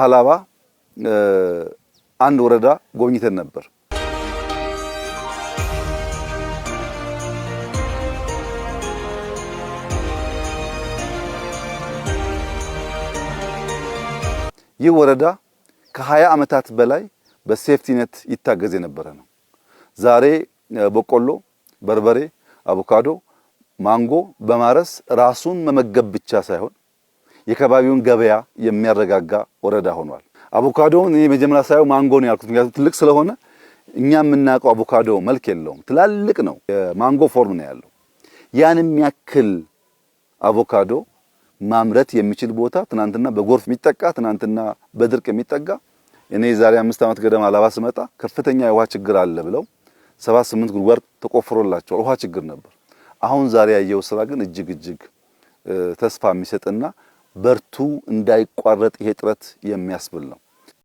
ሀላባ አንድ ወረዳ ጎብኝተን ነበር። ይህ ወረዳ ከሀያ ዓመታት በላይ በሴፍቲነት ይታገዝ የነበረ ነው። ዛሬ በቆሎ፣ በርበሬ፣ አቮካዶ፣ ማንጎ በማረስ ራሱን መመገብ ብቻ ሳይሆን የከባቢውን ገበያ የሚያረጋጋ ወረዳ ሆኗል። አቮካዶውን እኔ መጀመሪያ ሳየው ማንጎ ነው ያልኩት፣ ምክንያቱም ትልቅ ስለሆነ እኛ የምናውቀው አቮካዶ መልክ የለውም፣ ትላልቅ ነው፣ የማንጎ ፎርም ነው ያለው። ያንም ያክል አቮካዶ ማምረት የሚችል ቦታ ትናንትና በጎርፍ የሚጠቃ ትናንትና በድርቅ የሚጠጋ እኔ የዛሬ አምስት ዓመት ገደማ አላባ ስመጣ ከፍተኛ የውሃ ችግር አለ ብለው ሰባት ስምንት ጉድጓድ ተቆፍሮላቸዋል። ውሃ ችግር ነበር። አሁን ዛሬ ያየው ስራ ግን እጅግ እጅግ ተስፋ የሚሰጥና በርቱ፣ እንዳይቋረጥ ይሄ ጥረት የሚያስብል ነው።